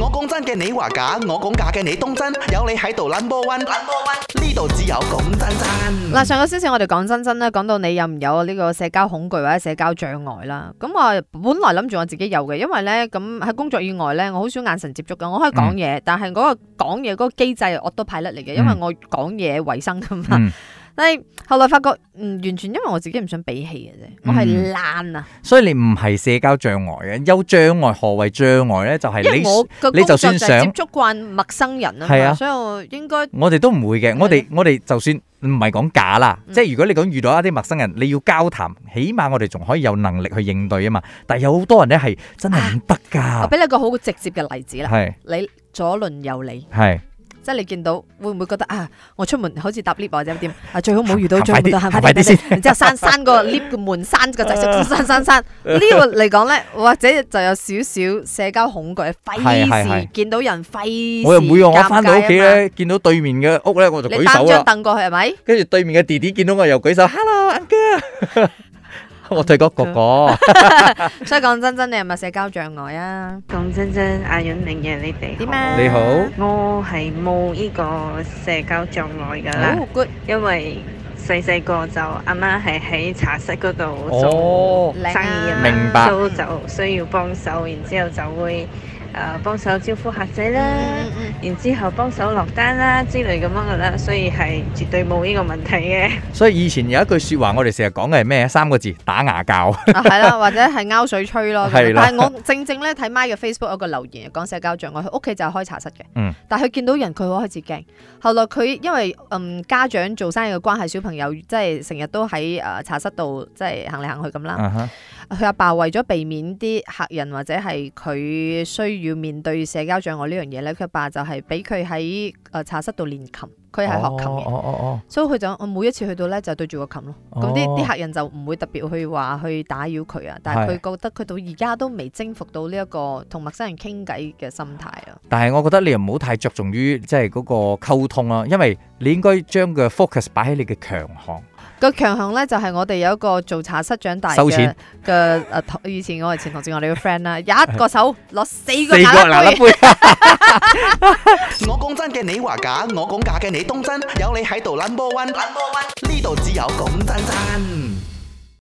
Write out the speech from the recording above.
我講真嘅，你話假；我講假嘅，你當真，你真。有你喺度 number one number one，呢度只有講真真。嗱，上個星期我哋講真真啦，講到你有唔有呢個社交恐懼或者社交障礙啦？咁我本來諗住我自己有嘅，因為咧咁喺工作以外咧，我好少眼神接觸噶。我可以講嘢，嗯、但係嗰個講嘢嗰個機制我都派甩嚟嘅，因為我講嘢為生噶嘛。嗯 但係後來發覺，嗯，完全因為我自己唔想俾戲嘅啫，我係懶啊。所以你唔係社交障礙嘅，有障礙何謂障礙咧？就係你你就算想接觸慣陌生人啊，所以我應該我哋都唔會嘅。我哋我哋就算唔係講假啦，即係如果你講遇到一啲陌生人，你要交談，起碼我哋仲可以有能力去應對啊嘛。但係有好多人咧係真係唔得噶。我俾你個好直接嘅例子啦，你左鄰右里係。即係你見到會唔會覺得啊？我出門好似搭 lift 或者點啊？最好唔好遇到出門，快啲，快啲先。然之後閂閂個 lift 個門，閂個仔，閂閂閂。呢個嚟講咧，或者就有少少社交恐懼，費事見到人費事。我又會啊！我返到屋企咧，見到對面嘅屋咧，我就舉手啦。你單張凳過去係咪？跟住對面嘅弟弟見到我又舉手，hello，阿哥。 我對個哥哥， 所以講真真，你係咪社交障礙啊？講真真，阿允玲嘅你哋點樣？你好， 我係冇呢個社交障礙㗎啦，oh, good. 因為細細個就阿媽係喺茶室嗰度做生意明白，就需要幫手，然之後就會。誒、呃、幫手招呼客仔啦，然之後幫手落單啦之類咁樣噶啦，所以係絕對冇呢個問題嘅。所以以前有一句説話，我哋成日講嘅係咩？三個字打牙骹係、 啊、啦，或者係勾水吹咯。啦但係我正正咧睇 MY 嘅 Facebook 有個留言講社交障礙，佢屋企就開茶室嘅。嗯、但係佢見到人，佢好開始驚，後來佢因為嗯家長做生意嘅關係，小朋友即係成日都喺誒、呃、茶室度即係行嚟行去咁啦。佢阿、uh huh. 爸，爸為咗避免啲客人或者係佢需。要面對社交障礙呢樣嘢，呢佢爸就係俾佢喺呃，茶室度練琴。佢係學琴嘅，哦哦哦、所以佢就我每一次去到咧，就對住個琴咯。咁啲啲客人就唔會特別去話去打擾佢啊。哦、但係佢覺得佢到而家都未征服到呢一個同陌生人傾偈嘅心態啊。但係我覺得你又唔好太着重於即係嗰個溝通啦、啊，因為你應該將個 focus 擺喺你嘅強項。個強項咧就係、是、我哋有一個做茶室長大嘅收錢嘅誒，以前我以前同事我哋嘅 friend 啦， 一個手攞四個，四個杯。 我講真嘅，你話假；我講假嘅，你當真。有你喺度，number one，number one，呢度只有講真真。